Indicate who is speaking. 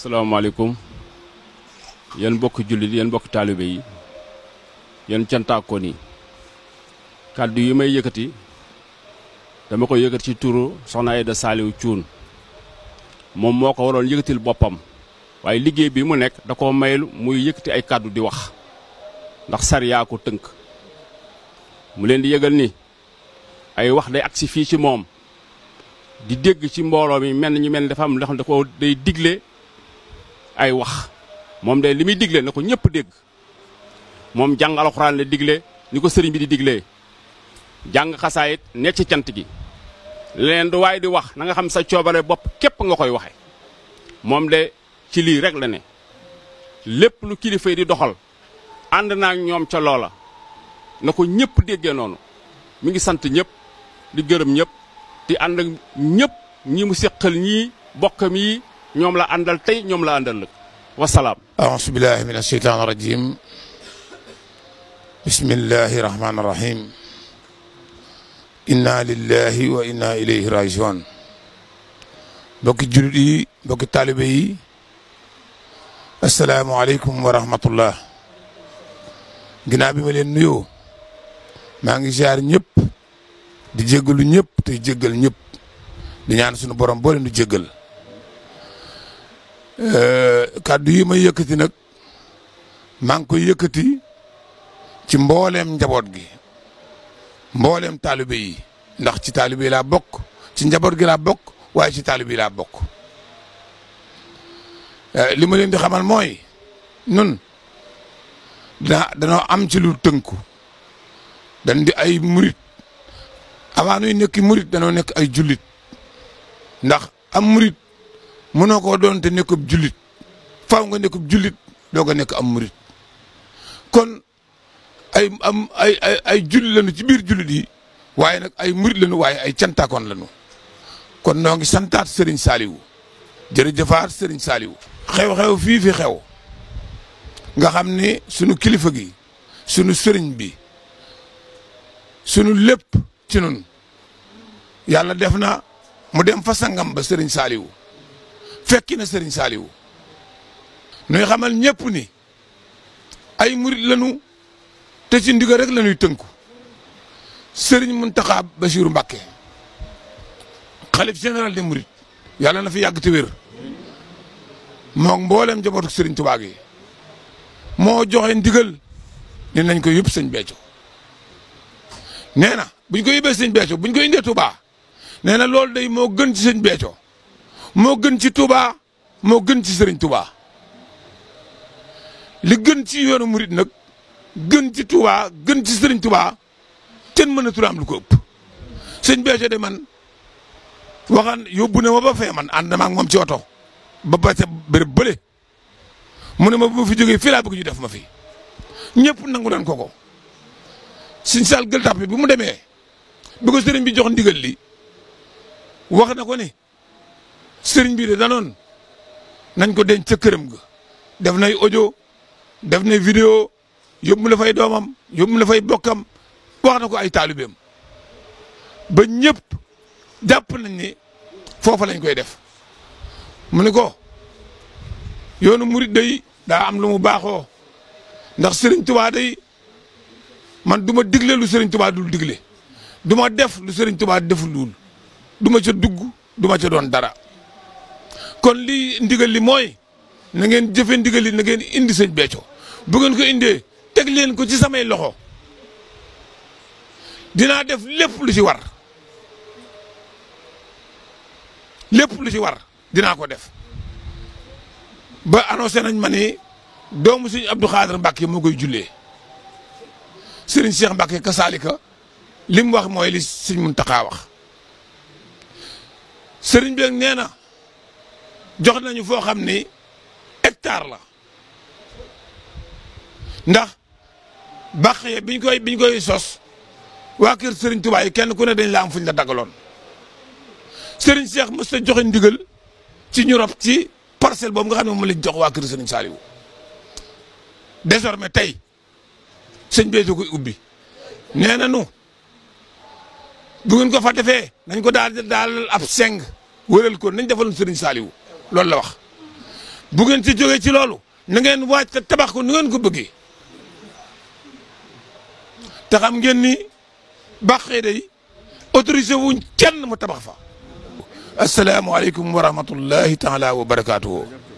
Speaker 1: salaamaaleykum yéen mbokki jullit yéen mbokki taalibe yi yan cantaakoon yi kàddu yi may yëkkati dama ko yëkkati ci turu soxna Aida Saliou Thioune moom moo ko waroon yëkkatil boppam waaye liggéey bi mu nekk dakoo ko maylu muy yëkkati ay kàddu di wax ndax sariyaa ko tënk mu leen di yëgal ni ay wax day agsi fii ci moom di dégg ci mbooloo mi mel ni ñu mel ni dafa am loo da ko day digle ay wax moom de li muy digle na ko ñëpp dégg moom jàng alxuraan la digle ni ko sëriñ bi di diglee jàng xasaayit nekk ci cant gi leneen du waaye di wax na nga xam sa coobare bopp képp nga koy waxe moom de ci lii rek la ne lépp lu kilifa di doxal ànd naa ñoom ca loola na ko ñëpp déggee noonu mi ngi sant ñëpp di gërëm ñépp di ànd ñépp ñëpp ñi mu séqal ñii bokkam yi ñoom la àndal tey ñoom la àndal lëg wasalaam
Speaker 2: aousu billahi min asheytaan rajim bismillahi rahmaani rahim inna lillahi wa inna ilayhi rajiun mbokki jullit yi mbokki taalibe yi asalaamualeykum wa rahmatullah ginnaaw bi ma leen nuyoo maa ngi ziar ñëpp di jéggalu ñëpp te jéggal ñépp di ñaan suñu borom boo leen di jéggal Eh, kàddu yi may yëkkati nag maa ngi koy yëkkati ci mboolem njaboot gi mboolem taalibe yi ndax ci taalibe yi laa bokk ci njaboot gi laa bokk waaye ci taalibe yi laa bokk eh, li ma leen di xamal mooy nun dana danoo am ci lu tënku dan di ay murit avant nuy nekk murit danoo nekk ay jullit ndax am murit mënoo ko doon te nekkub jullit faaw nga nekkub jullit doo ko nekk am murit kon ay am ay jullit lañu ci biir jullit yi waaye nag ay murit lanu waaye ay cantaakoon lañu kon noo ngi santaat Serigne Saliou jërëjëfaat Serigne Saliou. xew-xew fii fi xew nga xam ni sunu kilifa gi sunu sëriñ bi sunu lépp ci nun yàlla def na mu dem fa sangam ba Serigne Saliou. fekki na Serigne Saliou nuy xamal ñëpp ni ay murit lañu te ci ndigal rek lañuy tënku Serigne Mountakha Bassirou Mbacké xalif général des murit yàlla na fi yàgg te wér moom mboolem jabootu Serigne Touba gi moo joxe ndigal ne nañ ko yëpp sëñ Béthio nee na buñ ko yëbee sëñ Béthio buñ ko indee Touba nee na loolu day moo gën ci sëñ Béthio moo gën ci Touba moo gën ci Serigne Touba li gën ci yoonu murit nag gën ci Touba gën ci Serigne Touba kenn mënatul am lu ko ëpp sëñ Béthio de man waxaan yóbbu ne ma ba fee man ànd ma ak moom ci oto ba ba ca béréb bële mu ne ma bu fi jógee fii laa bëgg ñu def ma fi ñëpp nangu nañ ko ko suñ saal gël tàpp bi mu demee bi ko sëriñ bi jox ndigal li wax na ko ne. sëriñ bi de danoon nañ ko denc ca këram ga def nay ojo def nay vidéo yóbbu la fay doomam yóbbu la fay bokkam wax na ko ay taalibeem ba ñëpp jàpp nañ ni foofa lañ koy def mu ni ko yoonu murit day daa am lu mu baaxoo ndax sëriñ tubaa day man duma ma digle lu sëriñ tubaa dul digle du ma def lu sëriñ tubaa deful luul duma ca dugg duma ma ca doon dara kon lii ndigal li mooy na ngeen jëfe ndigal li na ngeen indi sëñ Béthio bu ngeen ko indee teg leen ko ci samay loxo dinaa def lépp lu ci war lépp lu ci war dinaa ko def ba annoncé nañ ma ni doomu sëñ Abdou Khadre Mbacke moo koy jullee sëriñ Cheikh Mbacke kasaalika li mu wax mooy li sëñ Mountakha wax sëriñ bi nee na. jox nañu foo xam ni hectare la ndax bàq ye biñ koy biñ koy sos waa kër Serigne Touba kenn ku ne dañ laam am fuñ la dagaloon Serigne Cheikh mës joxe ndigal ci ñu rob ci parcelle boobu nga xam ne moom lañ jox waa kër Serigne Saliou tey sëñ Béthio koy ubbi nee na nu bu ngeen ko fa defee nañ ko daal daal a seng wëral ko nañ defaloon Serigne Saliou loolu la wax bu ngeen ci jógee ci loolu na ngeen waaj te tabax ku nu ngeen ko bëggee te xam ngeen ni bàqee day autorisé wuñ kenn mu tabax fa asalaamaaleykum wa rahmatullahi taala wa barakaatuhu